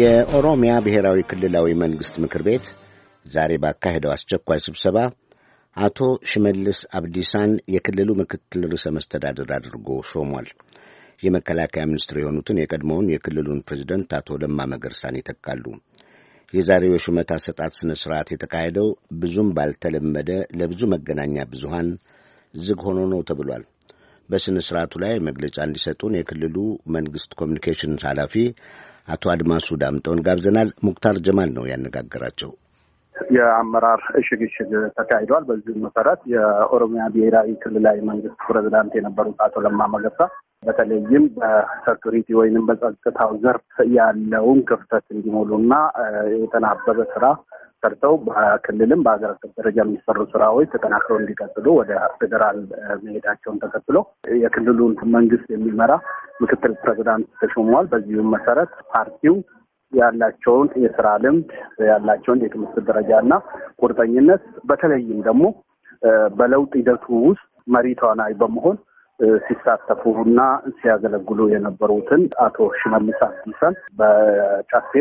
የኦሮሚያ ብሔራዊ ክልላዊ መንግሥት ምክር ቤት ዛሬ ባካሄደው አስቸኳይ ስብሰባ አቶ ሽመልስ አብዲሳን የክልሉ ምክትል ርዕሰ መስተዳድር አድርጎ ሾሟል። የመከላከያ ሚኒስትር የሆኑትን የቀድሞውን የክልሉን ፕሬዚደንት አቶ ለማ መገርሳን ይተካሉ። የዛሬው የሹመት አሰጣጥ ሥነ ሥርዓት የተካሄደው ብዙም ባልተለመደ ለብዙ መገናኛ ብዙሃን ዝግ ሆኖ ነው ተብሏል። በሥነ ሥርዓቱ ላይ መግለጫ እንዲሰጡን የክልሉ መንግሥት ኮሚኒኬሽን ኃላፊ አቶ አድማሱ ዳምጠውን ጋብዘናል። ሙክታር ጀማል ነው ያነጋገራቸው። የአመራር እሽግሽግ ተካሂደዋል ተካሂዷል። በዚህም መሰረት የኦሮሚያ ብሔራዊ ክልላዊ መንግስት ፕሬዚዳንት የነበሩት አቶ ለማ መገርሳ በተለይም በሰኩሪቲ ወይንም በጸጥታው ዘርፍ ያለውን ክፍተት እንዲሞሉ እና የተናበበ ስራ ሰርተው በክልልም በሀገር አቀፍ ደረጃ የሚሰሩ ስራዎች ተጠናክረው እንዲቀጥሉ ወደ ፌዴራል መሄዳቸውን ተከትሎ የክልሉን መንግስት የሚመራ ምክትል ፕሬዚዳንት ተሾመዋል። በዚሁም መሰረት ፓርቲው ያላቸውን የስራ ልምድ ያላቸውን የትምህርት ደረጃ እና ቁርጠኝነት በተለይም ደግሞ በለውጥ ሂደቱ ውስጥ መሪ ተዋናይ በመሆን ሲሳተፉ እና ሲያገለግሉ የነበሩትን አቶ ሽመልስ አብዲሳን በጫፌ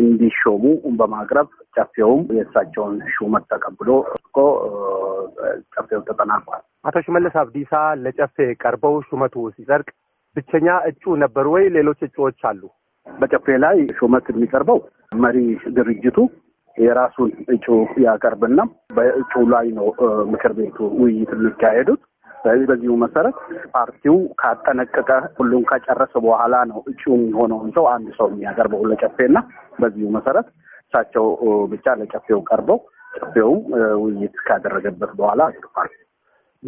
እንዲሾሙ በማቅረብ ጨፌውም የእሳቸውን ሹመት ተቀብሎ እኮ ጨፌው ተጠናቋል። አቶ ሽመለስ አብዲሳ ለጨፌ ቀርበው ሹመቱ ሲጸድቅ ብቸኛ እጩ ነበሩ ወይ? ሌሎች እጩዎች አሉ? በጨፌ ላይ ሹመት የሚቀርበው መሪ ድርጅቱ የራሱን እጩ ያቀርብና በእጩ ላይ ነው ምክር ቤቱ ውይይት የሚካሄዱት። ስለዚህ በዚሁ መሰረት ፓርቲው ካጠነቀቀ ሁሉም ከጨረሰ በኋላ ነው እጩ የሚሆነውን ሰው አንድ ሰው የሚያቀርበው ለጨፌና በዚሁ መሰረት እሳቸው ብቻ ለጨፌው ቀርበው ጨፌውም ውይይት ካደረገበት በኋላ ፓርቲ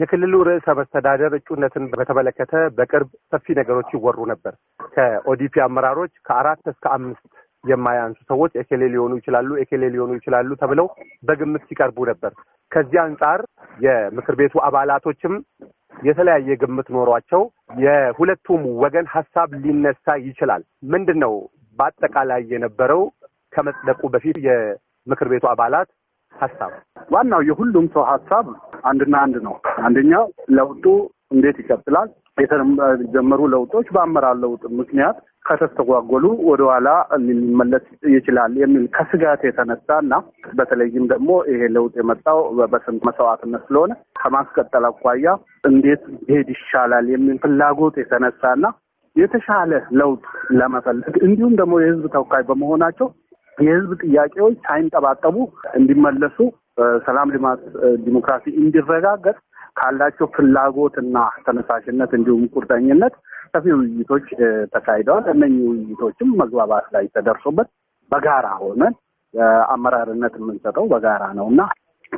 የክልሉ ርዕሰ መስተዳደር እጩነትን በተመለከተ በቅርብ ሰፊ ነገሮች ይወሩ ነበር። ከኦዲፒ አመራሮች ከአራት እስከ አምስት የማያንሱ ሰዎች ኤኬሌ ሊሆኑ ይችላሉ፣ ኤኬሌ ሊሆኑ ይችላሉ ተብለው በግምት ሲቀርቡ ነበር። ከዚህ አንጻር የምክር ቤቱ አባላቶችም የተለያየ ግምት ኖሯቸው የሁለቱም ወገን ሀሳብ ሊነሳ ይችላል። ምንድን ነው በአጠቃላይ የነበረው ከመጽደቁ በፊት የምክር ቤቱ አባላት ሀሳብ? ዋናው የሁሉም ሰው ሀሳብ አንድና አንድ ነው። አንደኛው ለውጡ እንዴት ይቀጥላል? የተጀመሩ ለውጦች በአመራር ለውጥ ምክንያት ከተስተጓጎሉ ወደኋላ ሊመለስ ይችላል የሚል ከስጋት የተነሳ እና በተለይም ደግሞ ይሄ ለውጥ የመጣው በስንት መስዋዕትነት ስለሆነ ከማስቀጠል አኳያ እንዴት ሄድ ይሻላል የሚል ፍላጎት የተነሳ እና የተሻለ ለውጥ ለመፈለግ እንዲሁም ደግሞ የህዝብ ተወካይ በመሆናቸው የህዝብ ጥያቄዎች ሳይንጠባጠቡ እንዲመለሱ ሰላም፣ ልማት፣ ዲሞክራሲ እንዲረጋገጥ ካላቸው ፍላጎት እና ተነሳሽነት እንዲሁም ቁርጠኝነት ሰፊ ውይይቶች ተካሂደዋል። እነኚህ ውይይቶችም መግባባት ላይ ተደርሶበት በጋራ ሆነን አመራርነት የምንሰጠው በጋራ ነው እና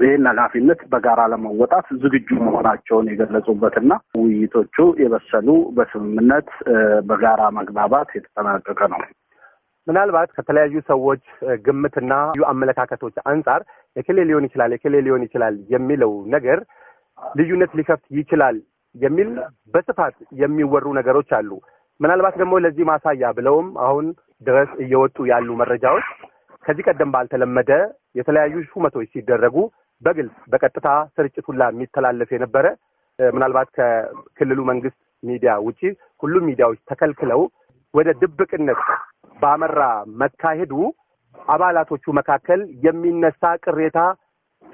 ይህን ኃላፊነት በጋራ ለመወጣት ዝግጁ መሆናቸውን የገለጹበትና ውይይቶቹ የበሰሉ በስምምነት በጋራ መግባባት የተጠናቀቀ ነው። ምናልባት ከተለያዩ ሰዎች ግምትና አመለካከቶች አንጻር የክሌ ሊሆን ይችላል የክሌ ሊሆን ይችላል የሚለው ነገር ልዩነት ሊከፍት ይችላል የሚል በስፋት የሚወሩ ነገሮች አሉ። ምናልባት ደግሞ ለዚህ ማሳያ ብለውም አሁን ድረስ እየወጡ ያሉ መረጃዎች ከዚህ ቀደም ባልተለመደ የተለያዩ ሹመቶች ሲደረጉ በግልጽ በቀጥታ ስርጭት ሁላ የሚተላለፍ የነበረ ምናልባት ከክልሉ መንግስት ሚዲያ ውጪ ሁሉም ሚዲያዎች ተከልክለው ወደ ድብቅነት ባመራ መካሄዱ አባላቶቹ መካከል የሚነሳ ቅሬታ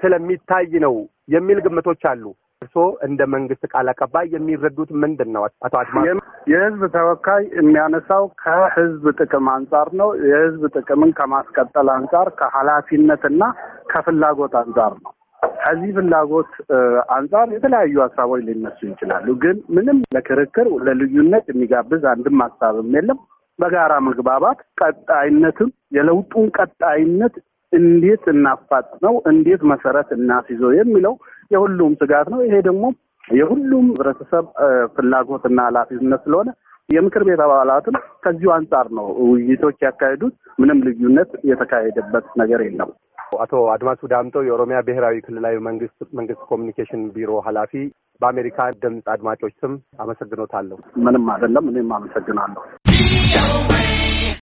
ስለሚታይ ነው የሚል ግምቶች አሉ። እርስዎ እንደ መንግስት ቃል አቀባይ የሚረዱት ምንድን ነው? አቶ አድማ የህዝብ ተወካይ የሚያነሳው ከህዝብ ጥቅም አንጻር ነው። የህዝብ ጥቅምን ከማስቀጠል አንጻር፣ ከኃላፊነትና ከፍላጎት አንጻር ነው። ከዚህ ፍላጎት አንጻር የተለያዩ ሀሳቦች ሊነሱ ይችላሉ። ግን ምንም ለክርክር ለልዩነት የሚጋብዝ አንድም ሀሳብም የለም። በጋራ መግባባት ቀጣይነትም የለውጡን ቀጣይነት እንዴት እናፋጥነው፣ እንዴት መሰረት እናስይዘው የሚለው የሁሉም ስጋት ነው። ይሄ ደግሞ የሁሉም ህብረተሰብ ፍላጎትና ኃላፊነት ስለሆነ የምክር ቤት አባላትም ከዚሁ አንጻር ነው ውይይቶች ያካሄዱት። ምንም ልዩነት የተካሄደበት ነገር የለም። አቶ አድማሱ ዳምጠው የኦሮሚያ ብሔራዊ ክልላዊ መንግስት መንግስት ኮሚኒኬሽን ቢሮ ኃላፊ፣ በአሜሪካ ድምፅ አድማጮች ስም አመሰግኖታለሁ። ምንም አይደለም። እኔም አመሰግናለሁ። away.